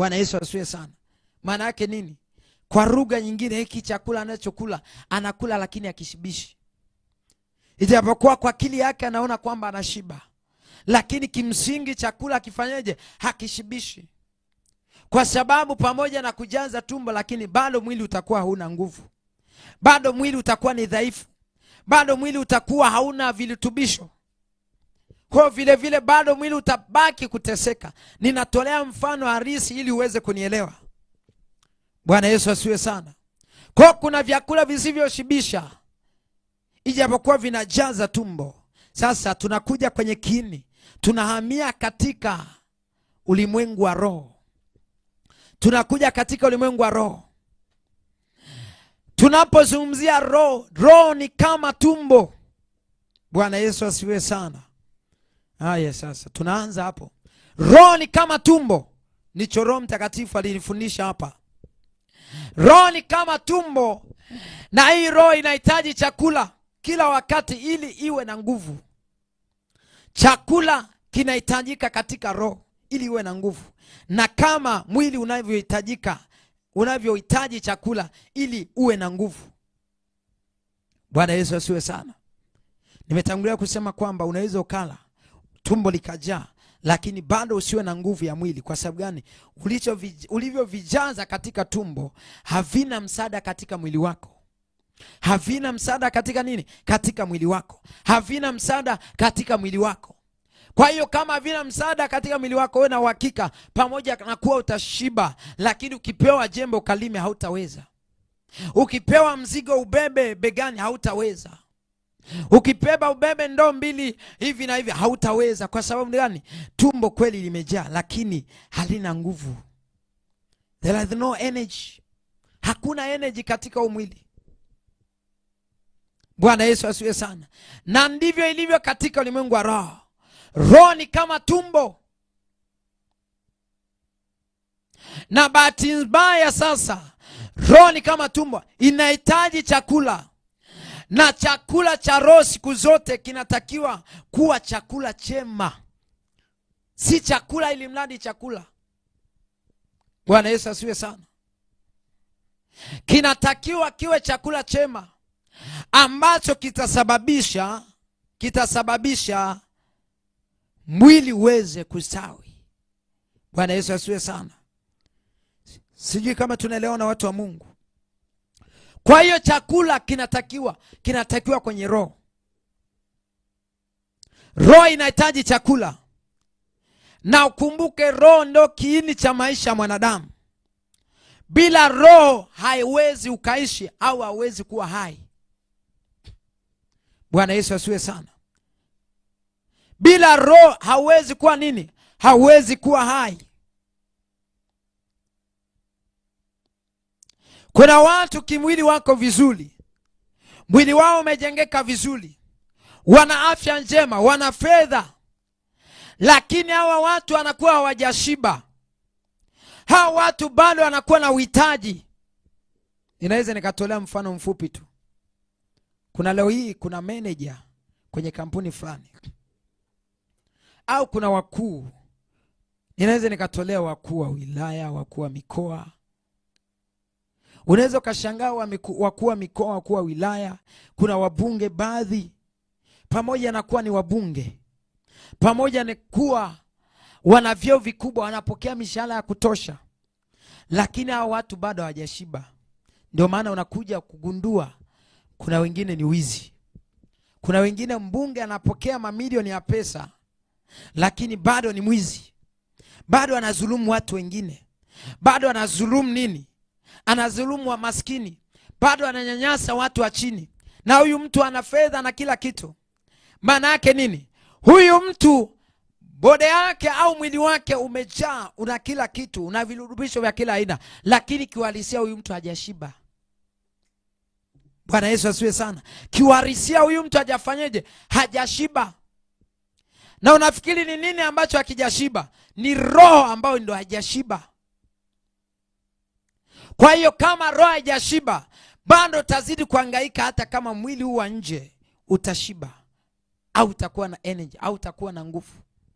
Bwana Yesu asiwe sana. Maana yake nini? Kwa lugha nyingine, hiki chakula anachokula anakula, lakini akishibishi, ijapokuwa kwa akili yake anaona kwamba anashiba, lakini kimsingi chakula akifanyeje? Hakishibishi, kwa sababu pamoja na kujaza tumbo, lakini bado mwili utakuwa hauna nguvu, bado mwili utakuwa ni dhaifu, bado mwili utakuwa hauna virutubisho. Kwa vile vile bado mwili utabaki kuteseka. Ninatolea mfano harisi ili uweze kunielewa. Bwana Yesu asiwe sana. Kwa kuna vyakula visivyoshibisha ijapokuwa vinajaza tumbo. Sasa tunakuja kwenye kiini, tunahamia katika ulimwengu wa roho, tunakuja katika ulimwengu wa roho. Tunapozungumzia roho, roho ni kama tumbo. Bwana Yesu asiwe sana. Haya, sasa tunaanza hapo. Roho ni kama tumbo, ndicho Roho Mtakatifu alinifundisha hapa. Roho ni kama tumbo, na hii roho inahitaji chakula kila wakati ili iwe na nguvu. Chakula kinahitajika katika roho ili iwe na nguvu, na kama mwili unavyohitajika unavyohitaji chakula ili uwe na nguvu. Bwana Yesu asiwe sana. Nimetangulia kusema kwamba unaweza ukala tumbo likajaa, lakini bado usiwe na nguvu ya mwili. Kwa sababu gani? Ulivyovijaza katika tumbo havina msaada katika mwili wako havina msaada katika nini? Katika mwili wako havina msaada katika mwili wako. Kwa hiyo kama havina msaada katika mwili wako, wewe na uhakika, pamoja na kuwa utashiba, lakini ukipewa jembe ukalime hautaweza. Ukipewa mzigo ubebe begani hautaweza ukipeba ubebe ndoo mbili hivi na hivi hautaweza. Kwa sababu gani? Tumbo kweli limejaa, lakini halina nguvu. There is no energy, hakuna energy katika umwili. Bwana Yesu asiwe sana. Na ndivyo ilivyo katika ulimwengu wa roho. Roho ni kama tumbo, na bahati mbaya sasa, roho ni kama tumbo, inahitaji chakula na chakula cha roho siku zote kinatakiwa kuwa chakula chema, si chakula ili mradi chakula. Bwana Yesu asiwe sana. Kinatakiwa kiwe chakula chema ambacho kitasababisha kitasababisha mwili uweze kustawi. Bwana Yesu asiwe sana. Sijui kama tunaelewana watu wa Mungu. Kwa hiyo chakula kinatakiwa kinatakiwa kwenye roho. Roho inahitaji chakula, na ukumbuke roho ndo kiini cha maisha ya mwanadamu. Bila roho haiwezi ukaishi au hauwezi kuwa hai. Bwana Yesu asiwe sana. Bila roho hauwezi kuwa nini? Hauwezi kuwa hai. Kuna watu kimwili wako vizuri, mwili wao umejengeka vizuri, wana afya njema, wana fedha, lakini hawa watu wanakuwa hawajashiba. Hawa watu bado wanakuwa na uhitaji. Ninaweza nikatolea mfano mfupi tu. Kuna leo hii kuna meneja kwenye kampuni fulani, au kuna wakuu. Ninaweza nikatolea wakuu wa wilaya, wakuu wa mikoa Unaweza ukashangaa wakuu wa mikoa, wakuu wa wilaya, kuna wabunge baadhi, pamoja na kuwa ni wabunge, pamoja na kuwa wana vyeo vikubwa, wanapokea mishahara ya kutosha, lakini hao watu bado hawajashiba. Ndio maana unakuja kugundua kuna wengine ni wizi, kuna wengine mbunge anapokea mamilioni ya pesa, lakini bado ni mwizi, bado anazulumu watu wengine, bado anazulumu nini anadhulumu wa maskini, bado ananyanyasa watu wa chini, na huyu mtu ana fedha na kila kitu. Maana yake nini? Huyu mtu bode yake au mwili wake umejaa, una kila kitu, una virutubisho vya kila aina, lakini kiuhalisia huyu mtu hajashiba. Bwana Yesu asiwe sana. Kiuhalisia huyu mtu hajafanyeje? Hajashiba. Na unafikiri ni nini ambacho hakijashiba? Ni roho ambayo ndio hajashiba. Kwa hiyo kama roho haijashiba bado utazidi kuhangaika, hata kama mwili huu wa nje utashiba, au utakuwa na energy, au utakuwa na nguvu.